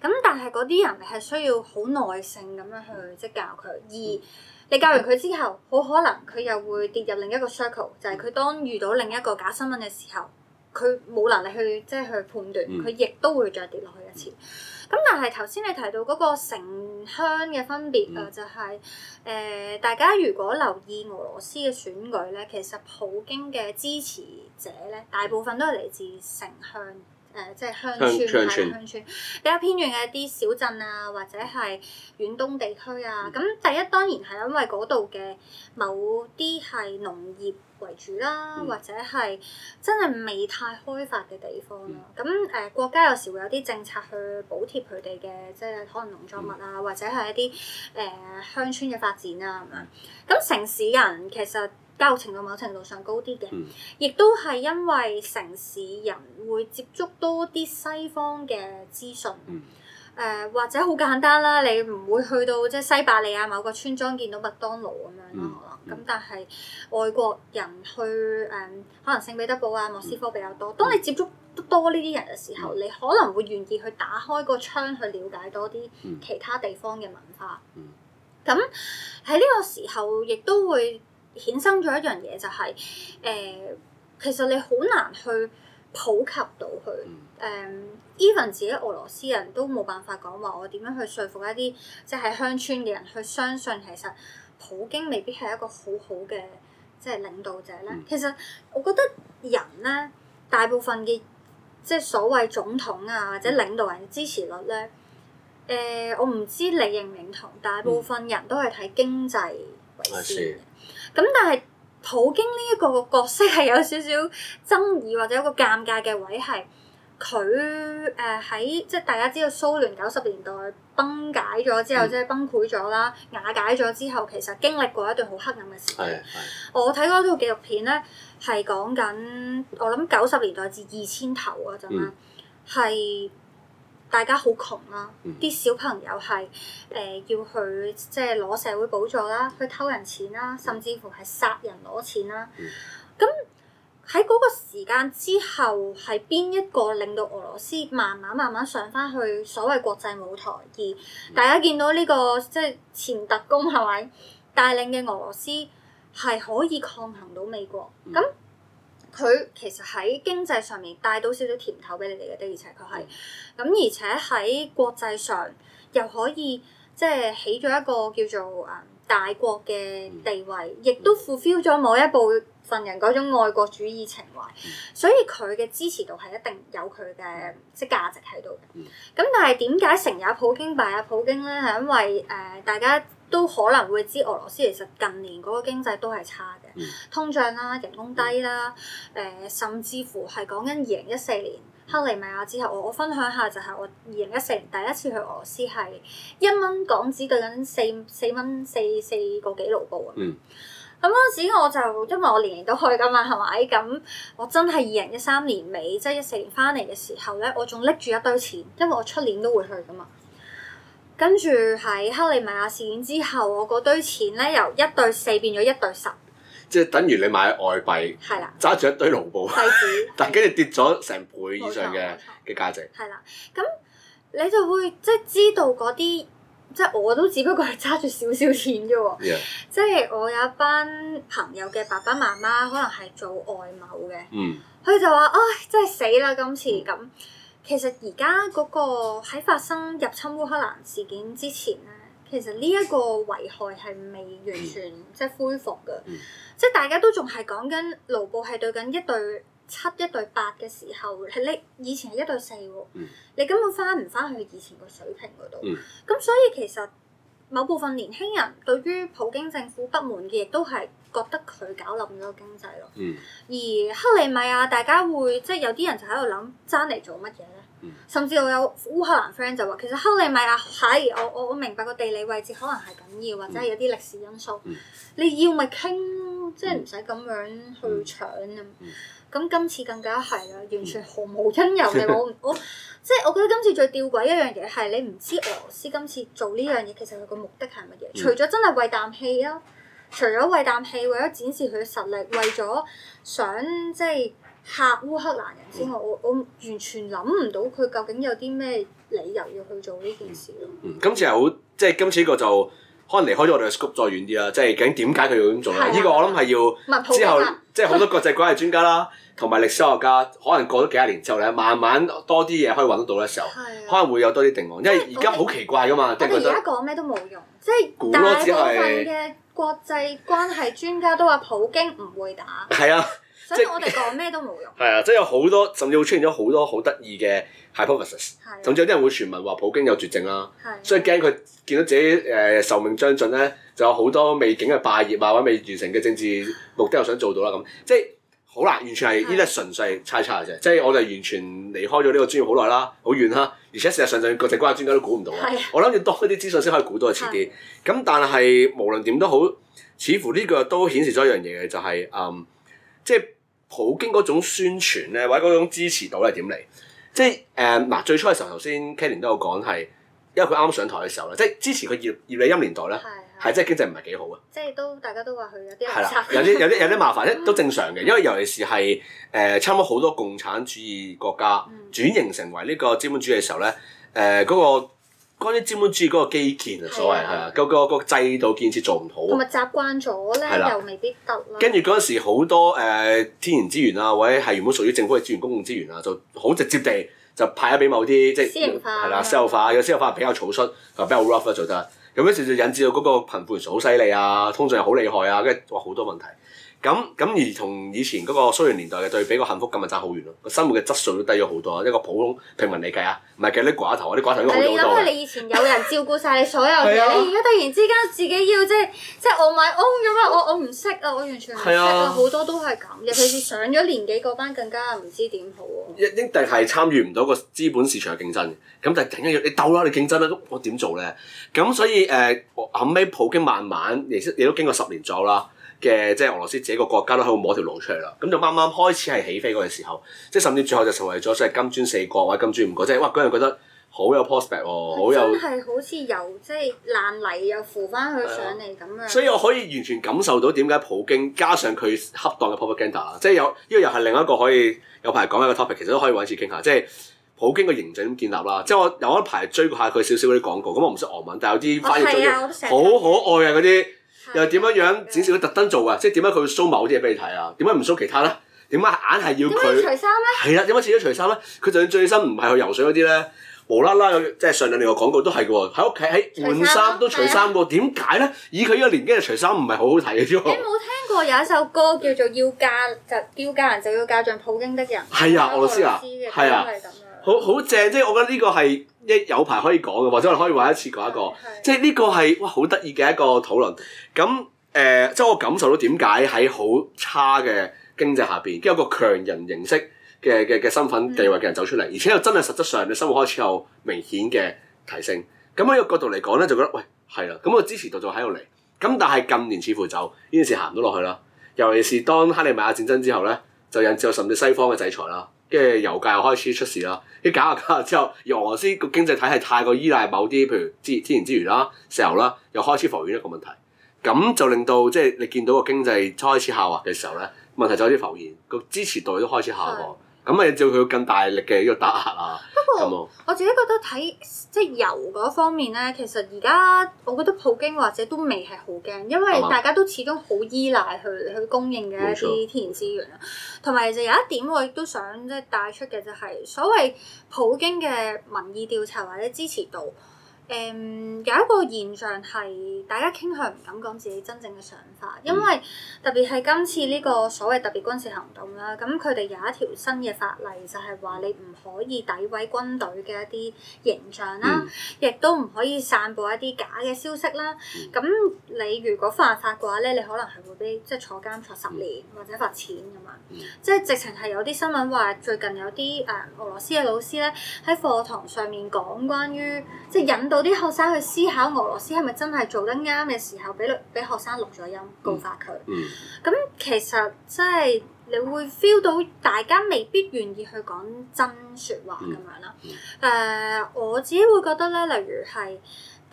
B: 咁但係嗰啲人係需要好耐性咁樣去即係教佢，而你教完佢之後，好可能佢又會跌入另一個 circle，就係佢當遇到另一個假新聞嘅時候，佢冇能力去即係、就是、去判斷，佢亦都會再跌落去一次。咁 但係頭先你提到嗰個城鄉嘅分別啊， 就係、是、誒、呃、大家如果留意俄羅斯嘅選舉咧，其實普京嘅支持者咧，大部分都係嚟自城鄉。誒、呃，即係鄉村係鄉村，比較偏遠嘅一啲小鎮啊，或者係遠東地區啊。咁、嗯、第一當然係因為嗰度嘅某啲係農業為主啦、啊，嗯、或者係真係未太開發嘅地方啦、啊。咁誒、嗯呃、國家有時會有啲政策去補貼佢哋嘅，即係可能農作物啊，嗯、或者係一啲誒鄉村嘅發展啊咁樣。咁城市人、啊、城市人，人其實～教育程度某程度上高啲嘅，亦都係因為城市人會接觸多啲西方嘅資訊，誒、嗯呃、或者好簡單啦，你唔會去到即係西伯利亞某個村莊見到麥當勞咁樣啦，嗯、可能咁。但係外國人去誒、呃，可能聖彼得堡啊、莫斯科比較多。當你接觸得多呢啲人嘅時候，嗯、你可能會願意去打開個窗去了解多啲其他地方嘅文化。咁喺呢個時候，亦都會。衍生咗一樣嘢就係、是，誒、呃，其實你好難去普及到佢。誒，even、嗯嗯、自己俄羅斯人都冇辦法講話，我點樣去説服一啲即係鄉村嘅人去相信其實普京未必係一個好好嘅即係領導者咧。嗯、其實我覺得人咧，大部分嘅即係所謂總統啊或者領導人嘅支持率咧，誒、呃，我唔知你認唔認同，大部分人都係睇經濟。嗯。咁 I、嗯、但係普京呢一個角色係有少少爭議或者一個尷尬嘅位係佢誒喺即係大家知道蘇聯九十年代崩解咗之後即係、嗯、崩潰咗啦瓦解咗之後，其實經歷過一段好黑暗嘅時期。我睇過一套紀錄片咧係講緊我諗九十年代至二千頭啊啫，係、嗯。大家好窮啦、啊，啲、嗯、小朋友係誒、呃、要去即係攞社會補助啦，去偷人錢啦、啊，甚至乎係殺人攞錢啦、啊。咁喺嗰個時間之後，係邊一個令到俄羅斯慢慢慢慢上返去所謂國際舞台？而大家見到呢、這個即係、就是、前特工係咪帶領嘅俄羅斯係可以抗衡到美國？咁、嗯。佢其實喺經濟上面帶到少少甜頭俾你哋嘅，的、嗯、而且確係。咁而且喺國際上又可以即係、就是、起咗一個叫做誒、呃、大國嘅地位，亦、嗯、都 fulfill 咗某一部分人嗰種愛國主義情懷。嗯、所以佢嘅支持度係一定有佢嘅即係價值喺度。嘅、嗯。咁但係點解成也普京，敗也普京咧？係因為誒、呃、大家，都可能會知俄羅斯其實近年嗰個經濟都係差嘅，嗯、通脹啦、人工低啦、誒、呃，甚至乎係講緊二零一四年克里米亞之後，我，我分享下就係我二零一四年第一次去俄羅斯係一蚊港紙對緊四四蚊四四個幾盧布咁。咁嗰陣、嗯、時我就因為我年年都去噶嘛，係咪？咁我真係二零一三年尾即係一四年翻嚟嘅時候咧，我仲拎住一堆錢，因為我出年都會去噶嘛。跟住喺克里米亞事件之後，我嗰堆錢咧由一對四變咗一對十，
A: 即係等於你買外幣，係啦，揸住一堆盧布，的但跟住跌咗成倍以上嘅嘅價值，係
B: 啦。咁你就會即係知道嗰啲，即係我都只不過係揸住少少錢嘅喎，Yeah. 即係我有一班朋友嘅爸爸媽媽可能係做外貿嘅，嗯，佢就話，唉、哎，真係死啦，今次咁。其實而家嗰個喺發生入侵烏克蘭事件之前咧，其實呢一個危害係未完全、嗯、即係恢復嘅，嗯、即係大家都仲係講緊盧布係對緊一對七一對八嘅時候，係你以前係一對四喎，嗯、你根本翻唔翻去以前個水平嗰度，咁、嗯、所以其實某部分年輕人對於普京政府不滿嘅亦都係，覺得佢搞冧咗個經濟咯，嗯、而克里米亞大家會即係、就是、有啲人就喺度諗爭嚟做乜嘢咧？嗯、甚至我有烏克蘭 friend 就話：其實克里米亞係我我我明白個地理位置可能係緊要，或者係有啲歷史因素。嗯、你要咪傾，即係唔使咁樣去搶咁。咁、嗯、今次更加係啦，完全毫無因由嘅、嗯、我 我，即係我覺得今次最吊詭一樣嘢係你唔知俄羅斯今次做呢樣嘢其實佢個目的係乜嘢？嗯、除咗真係為啖氣啊！除咗為啖氣，為咗展示佢嘅實力，為咗想即係嚇烏克蘭人之外，我我完全諗唔到佢究竟有啲咩理由要去做呢件事咯。
A: 嗯，今次又好，即係今次呢個就可能離開咗我哋嘅 scope 再遠啲啦。即係究竟點解佢要咁做咧？呢個我諗係要之後即係好多國際關係專家啦，同埋歷史學家，可能過咗幾十年之後咧，慢慢多啲嘢可以揾得到嘅時候，可能會有多啲定案。因為而家好奇怪噶嘛，我哋而家講
B: 咩都冇用，即係大部分嘅，國際關係專家都話普京唔會打，係啊，就是、所以我哋講咩都
A: 冇用。係啊，即係有好多甚至會出現咗好多好得意嘅 hypothesis、啊甚至有啲人會傳聞話普京有絕症啦，啊、所以驚佢見到自己誒、呃、壽命將盡咧，就有好多未竟嘅霸業啊或者未完成嘅政治目的又想做到啦咁，即係。好啦，完全係呢啲係純粹猜測嘅啫，即係我哋完全離開咗呢個專業好耐啦，好遠啦，而且事實上，甚至國際關係專家都估唔到啊。的我諗要多啲啲資訊先可以估到嘅的遲啲。咁但係無論點都好，似乎呢個都顯示咗一樣嘢嘅，就係、是、嗯，即係普京嗰種宣傳咧，或者嗰種支持度咧點嚟？即係誒嗱，最初嘅時候頭先 Caitlyn 都有講係，因為佢啱啱上台嘅時候咧，即係支持佢葉葉利欽年代咧，係，濟即係經濟唔係幾好啊！即係
B: 都大家都話佢有啲係啦，有啲有啲有啲麻煩，
A: 都正常嘅。因為尤其是係誒、呃、差唔多好多共產主義國家、嗯、轉型成為呢個資本主義嘅時候咧，誒、呃、嗰、那個嗰啲資本主義嗰個基建啊，的所謂係啊，個個制度建設做唔好，同埋
B: 習慣咗咧，的又未必得。跟住
A: 嗰陣時好多誒、呃、天然資源啊，或者係原本屬於政府嘅資源、公共資源啊，就好直接地就派咗俾某啲即係係啦，私有化有私有化比較草率，比較 rough 做得。 咁樣就就引致到嗰個貧富懸殊好犀利啊，通脹又好厲害啊，跟住哇好多問題。咁咁而同以前嗰個蘇聯年代嘅對比，個幸福感咪差好遠咯，個生活嘅質素都低咗好多，一個普通平民嚟計啊，唔係計啲寡頭啊，啲寡頭已好咗你，你以前有
B: 人照顧晒你所有嘢，你而家突然之間自己要即係即係我買屋咁啊！我我唔識啊，我完全唔識啊，好多都係咁，尤其是上咗年紀嗰班更加唔知點好
A: 喎。應定係參與唔到個資本市場嘅競爭嘅，咁但係緊緊要你鬥啦，你競爭啦，我點做咧？咁所以誒、啊，後尾普京慢慢，亦亦都經過十年左右啦。嘅即係俄羅斯自己個國家都喺度摸條路出嚟啦，咁就啱啱開始係起飛嗰個時候，即係甚至最後就成為咗所謂金磚四國或者金磚五國，即係哇！嗰陣覺得有真有好有 prospect 喎，好有真係好似由即
B: 係爛泥又扶翻佢的上嚟咁樣。所
A: 以我可以完全感受到點解普京加上佢恰當嘅 propaganda 啦，即係有呢個又係另一個可以有排講嘅 topic，其實都可以揾次傾下，即係普京嘅形象咁建立啦。即係我有一排追過下佢少少嗰啲廣告，咁我唔識俄文，但係有啲翻譯追得好可愛啊嗰啲。又點樣樣展示佢特登做的啊？即係點解佢會 show 某啲嘢俾你睇啊？點解唔 show 其他咧？點解硬係要佢除
B: 衫咧？係啦，
A: 點解始終除衫咧？佢就算最新唔係去游水嗰啲咧，無啦啦，即係上兩年個廣告都係嘅喎，喺屋企喺換衫都除衫喎，點解咧？以佢呢個年紀嚟除衫唔係好好睇嘅啫。你冇聽過有
B: 一首歌叫做要嫁就要嫁人就要嫁像普京的人？係啊，俄羅斯啊，係啊。
A: 好好正，即、就、係、是、我覺得呢個係一有排可以講嘅，或者我哋可以玩一次過一個，即係呢個係哇好得意嘅一個討論。咁誒，即、呃、係、就是、我感受到點解喺好差嘅經濟下邊，跟住有個強人形式嘅嘅嘅身份地位嘅人走出嚟，嗯、而且又真係實質上你生活開始有明顯嘅提升。咁喺個角度嚟講咧，就覺得喂係啦，咁我支持度就喺度嚟。咁但係近年似乎就呢件事行唔到落去啦，尤其是當克里米亞戰爭之後咧，就引致有甚至西方嘅制裁啦。跟住油價又開始出事啦，一搞下搞下之後，由俄羅斯個經濟體系太過依賴某啲，譬如資資源之餘啦、石油啦，又開始浮現一個問題，咁就令到即係、就是、你見到個經濟開始下滑嘅時候咧，問題就開始浮現，個支持度都開始下降。咁咪照佢更大力嘅呢個打壓啊！不過
B: 我自己覺得睇即係油嗰方面咧，其實而家我覺得普京或者都未係好驚，因為大家都始終好依賴佢去供應嘅一啲天然資源啦。同埋冇錯。就有一點我亦都想即係帶出嘅就係所謂普京嘅民意調查或者支持度。誒、嗯、有一個現象係大家傾向唔敢講自己真正嘅想法，因為特別係今次呢個所謂特別軍事行動啦，咁佢哋有一條新嘅法例就係話你唔可以詆毀軍隊嘅一啲形象啦，亦、嗯、都唔可以散佈一啲假嘅消息啦。咁你如果犯法嘅話咧，你可能係會俾即係坐監坐十年或者罰錢㗎嘛。即、就、係、是、直情係有啲新聞話最近有啲誒俄羅斯嘅老師咧喺課堂上面講關於即係、就是、引導，嗰啲學生去思考俄羅斯係咪真係做得啱嘅時候，俾俾學生錄咗音告發佢。咁、嗯嗯、其實即係你會 feel 到大家未必願意去講真説話咁樣啦。誒、嗯，嗯 uh，我自己會覺得咧，例如係。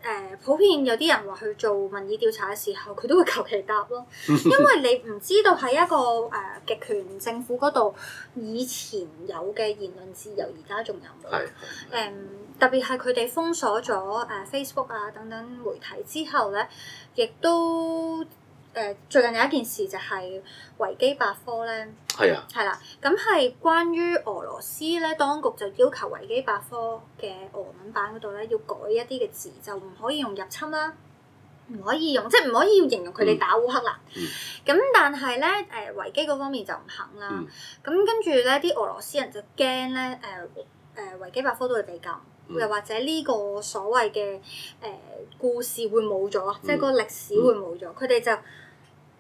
B: 誒普遍有啲人話去做民意調查嘅時候，佢都會求其答咯，因為你唔知道喺一個誒、呃、極權政府嗰度，以前有嘅言論自由，而家仲有冇的、嗯？特別係佢哋封鎖咗誒、呃、Facebook 啊等等媒體之後咧，亦都。誒最近有一件事就係維基百科咧，係啊，係啦，咁係關於俄羅斯咧，當局就要求維基百科嘅俄文版嗰度咧要改一啲嘅字，就唔可以用入侵啦，唔可以用，即係唔可以形容佢哋打烏克蘭。嗯。咁但係咧，誒維基嗰方面就唔肯啦。嗯。咁跟住咧，啲俄羅斯人就驚咧，誒誒維基百科都會被禁，又或者呢個所謂嘅誒故事會冇咗，即係個歷史會冇咗，佢哋就。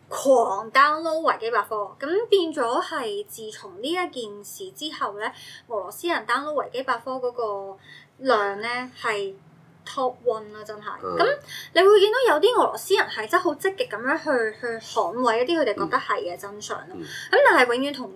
B: 狂 download 維基百科，咁變咗係自從呢一件事之後咧，俄羅斯人 download 維基百科嗰個量咧係、嗯、top one 啦，真係。咁、嗯、你會見到有啲俄羅斯人係真係好積極咁樣去去捍衞一啲佢哋覺得係嘅、嗯、真相咯。咁、嗯、但係永遠同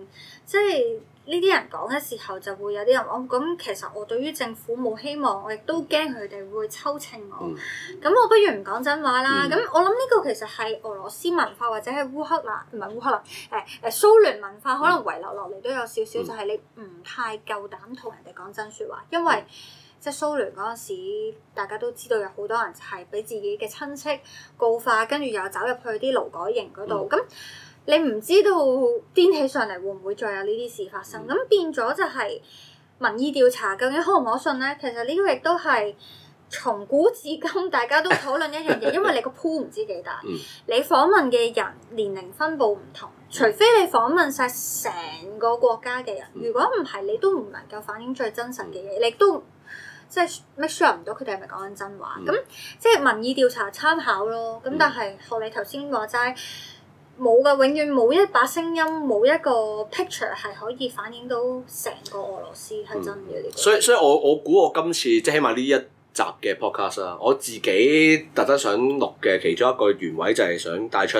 B: 即係。即係呢啲人講嘅時候就會有啲人講，咁其實我對於政府冇希望，我亦都驚佢哋會抽秤我。咁、嗯、我不如唔講真話啦。咁、嗯、我諗呢個其實係俄羅斯文化或者係烏克蘭，唔係烏克蘭，誒、欸、誒蘇聯文化，可能遺留落嚟都有少少，就係你唔太夠膽同人哋講真説話，嗯、因為即係蘇聯嗰陣時，大家都知道有好多人係俾自己嘅親戚告發，跟住又走入去啲勞改營嗰度咁。嗯。你唔知道癲起上嚟會唔會再有呢啲事發生？咁變咗就係民意調查究竟可唔可信呢？其實呢個亦都係從古至今大家都討論一樣嘢，因為你個 pool 唔知幾大，你訪問嘅人年齡分布唔同，除非你訪問晒成個國家嘅人，如果唔係，你都唔能夠反映最真實嘅嘢，你都即係 make sure 唔到佢哋係咪講緊真話。咁即係民意調查參考咯。咁但係學你頭先話齋。冇㗎，永遠冇一把聲音，冇一個 picture 係可以反映到成個俄羅斯係
A: 真嘅、嗯。所以所以，我我估我今次即係起碼呢一集嘅 podcast 啦，我自己特登想錄嘅其中一個原委就係想帶出，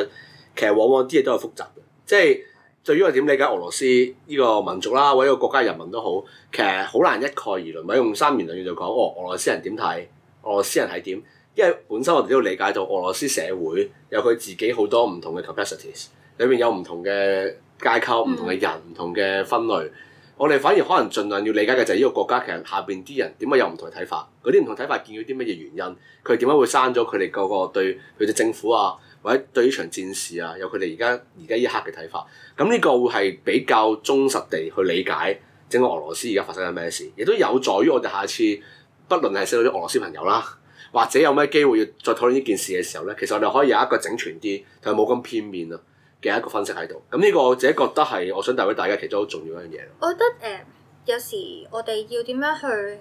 A: 其實往往啲嘢都係複雜嘅。即係對於我點理解俄羅斯呢個民族啦，或者個國家人民都好，其實好難一概而論。咪用三言兩語就講，俄俄羅斯人點睇，俄羅斯人係點？因為本身我哋都要理解到俄羅斯社會有佢自己好多唔同嘅 capacities，裏面有唔同嘅階級、唔同嘅人、嗯、唔同嘅分類。我哋反而可能盡量要理解嘅就係呢個國家其實下邊啲人點解有唔同嘅睇法，嗰啲唔同睇法見到啲乜嘢原因，佢點解會生咗佢哋個個對佢哋政府啊，或者對呢場戰事啊，有佢哋而家而家呢一刻嘅睇法。咁呢個會係比較忠實地去理解整個俄羅斯而家發生緊咩事，亦都有助於我哋下次不論係識到啲俄羅斯朋友啦。或者有咩機會要再討論呢件事嘅時候呢，其實我哋可以有一個整全啲，同埋冇咁片面咯嘅一個分析喺度。咁、嗯、呢、呢個我自己覺得係我想帶俾大家其中好重要一樣嘢。
B: 我覺得有時我哋要點樣去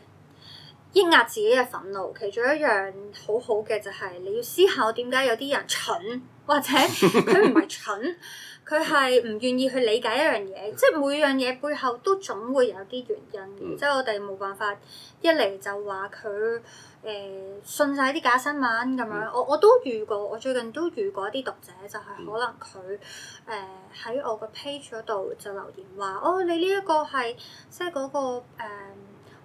B: 抑壓自己嘅憤怒，其中一樣好好嘅就係你要思考點解有啲人蠢，或者佢唔係蠢。佢係唔願意去理解一樣嘢，即係每樣嘢背後都總會有啲原因。嗯、即係我哋冇辦法一嚟就話佢誒信晒啲假新聞咁樣。嗯、我我都遇過，我最近都遇過一啲讀者，就係、是、可能佢誒喺我個 page 嗰度就留言話：哦，你呢一個係即係嗰個誒、呃、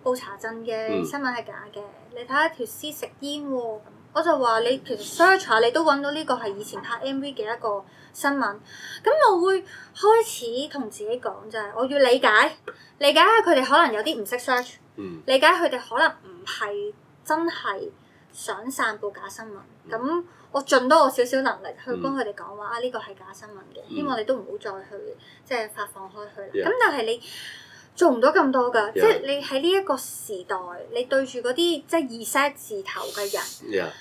B: 布查鎮嘅新聞係假嘅，嗯、你睇下條屍食煙喎、哦。我就話你其實 search 下、er，你都揾到呢個係以前拍 MV 嘅一個新聞，咁我會開始同自己講就係、是，我要理解，理解下佢哋可能有啲唔識 search，理解佢哋可能唔係真係想散佈假新聞。咁、嗯、我盡多我少少能力去幫佢哋講話啊，呢、這個係假新聞嘅，嗯、希望你都唔好再去即係、就是、發放開去。咁、嗯、但係你做唔到咁多㗎，即係、嗯、你喺呢一個時代，你對住嗰啲即係 Z 字頭嘅人。嗯嗯嗯嗯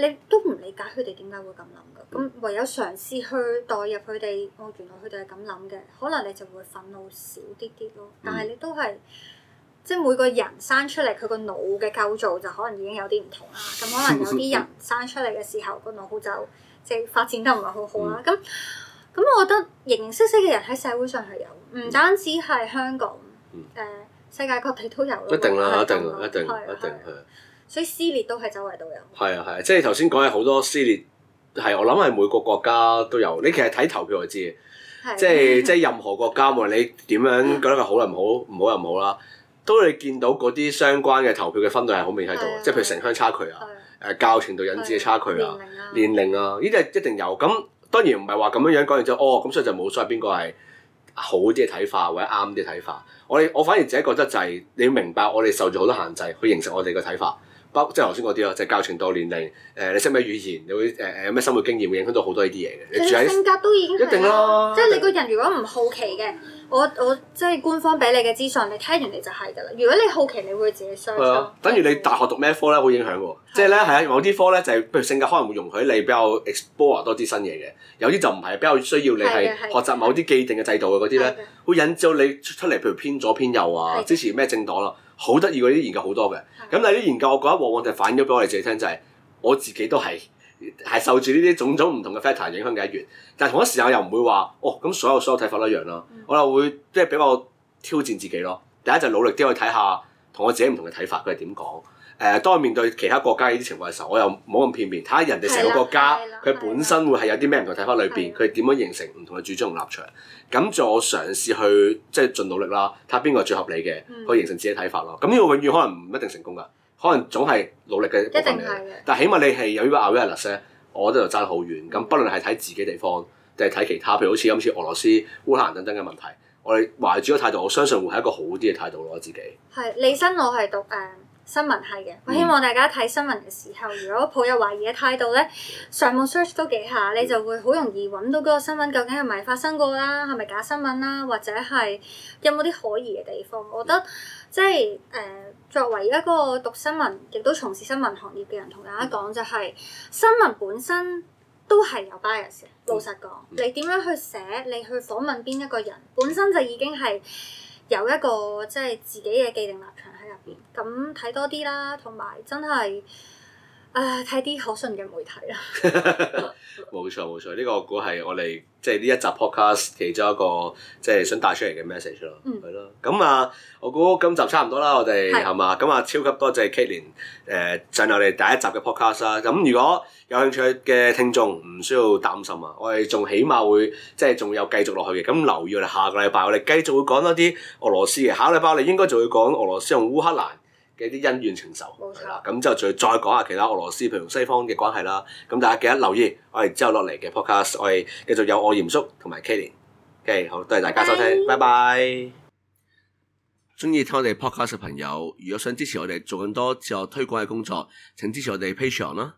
B: 你都唔理解佢哋點解會咁諗㗎，咁唯有嘗試去代入佢哋，哦，原來佢哋係咁諗嘅，可能你就會憤怒少啲啲咯。但係你都係，即係每個人生出嚟佢個腦嘅構造就可能已經有啲唔同啦。咁可能有啲人生出嚟嘅時候個腦就即係發展得唔係好好啦。 咁咁我覺得形形色色嘅人喺社會上係有，唔單止係香港，誒、呃、世界各地都有咯。一定啦，一定，一定，一定係。所以撕裂都係
A: 周圍都有，係啊係啊，即係頭先講嘅好多撕裂係，我諗係每個國家都有。你其實睇投票就知，的即
B: 係、嗯、即係
A: 任何國家，無論、嗯、你點樣覺得佢好又唔好，唔、嗯、好又唔好啦，都你見到嗰啲相關嘅投票嘅分類係好明顯喺度。的即係譬如城鄉差距啊，誒的教育程度引致嘅差距啊，年齡啊，呢啲係一定有。咁當然唔係話咁樣樣講完之後，哦咁所以就冇所謂邊個係好啲嘅睇法或者啱啲嘅睇法。我哋、就是、我反而自己覺得就係、是、你要明白，我哋受咗好多限制去形成我哋嘅睇法。包括即係頭先嗰啲咯，就係、教程多年定誒，你識唔識語言，你會誒誒、呃、有咩生活經驗，會影響到好多呢啲嘢嘅。你住你性格
B: 都已經一定咯，即係你個人如果唔好奇嘅，我我即係官方俾你嘅資訊，你聽完你就係㗎啦。如果你好奇，你會自己 search、
A: 啊、等於你大學讀咩科咧，好影響喎。的即係咧，係啊，某啲科咧就係、係、譬如性格可能會容許你比較 explore 多啲新嘢嘅，有啲就唔係比較需要你係學習某啲既定嘅制度嘅嗰啲咧，會引導你出嚟譬如偏左偏右啊，的支持咩政黨啦、啊。好得意嗰啲研究好多嘅，咁但係啲研究我覺得往往就反映咗俾我哋自己聽、就是，就係我自己都係係受住呢啲種種唔同嘅 factor 影響嘅一員，但係同一時間又唔會話哦咁所有所有睇法都一樣咯，我就會即係、就是、比較我挑戰自己咯。第一就努力啲去睇下同我自己唔同嘅睇法佢係點講。誒、呃、當我面對其他國家啲情況嘅時候，我又冇咁片面，睇下人哋成個國家佢本身會係有啲咩唔同睇法裏邊，佢點樣形成唔同嘅主張同立場，咁的就我嘗試去即係盡努力啦，睇下邊個係最合理嘅，嗯、去形成自己睇法咯。咁呢個永遠可能唔一定成功噶，可能總係努力嘅。一定係嘅。但起碼你係有呢個 awareness，我覺得就爭好遠。咁不論係睇自己地方定係睇其他，譬如好似今次俄羅斯烏克蘭等等嘅問題，我哋懷住個態度，我相信會係一個好啲嘅態度咯。我自己
B: 係，李生我係讀嘅。新聞係嘅，我希望大家睇新聞嘅時候，如果抱有懷疑嘅態度咧，上網 search 多幾下，你就會好容易揾到嗰個新聞究竟係咪發生過啦，係咪假新聞啦，或者係有冇啲可疑嘅地方？我覺得即係誒、呃、作為一個讀新聞亦都從事新聞行業嘅人，同大家講、嗯、就係、是、新聞本身都係有 bias 嘅。老實講，你點樣去寫，你去訪問邊一個人，本身就已經係有一個即係、就是、自己嘅既定立場。咁睇多啲啦，同埋真係。啊！睇啲、uh, 可信嘅媒體啊！
A: 冇錯冇錯，呢、呢個估係我哋即係呢一集 podcast 其中一個即係、就是、想帶出嚟嘅 message 咯，係咯、嗯。咁啊，我估今集差唔多啦，我哋係嘛？咁啊是，超級多謝 Caitlyn 入、呃、我哋第一集嘅 podcast 啦。咁如果有興趣嘅聽眾，唔需要擔心啊，我哋仲起碼會即係仲有繼續落去嘅。咁留意我哋下個禮拜，我哋繼續會講多啲俄羅斯嘅。下個禮拜我哋應該仲會講俄羅斯同烏克蘭。嘅一啲恩怨情仇，係啦像，咁之後仲要再講下其他俄羅斯，譬如西方嘅關係啦。咁大家記得留意，我哋之後落嚟嘅 podcast，我哋繼續有我鹽叔同埋 Caitlyn。OK，好，多謝大家收聽，拜拜 Bye. bye。鍾意聽我哋 podcast 嘅朋友，如果想支持我哋做更多自我推廣嘅工作，請支持我哋 Patreon 啦。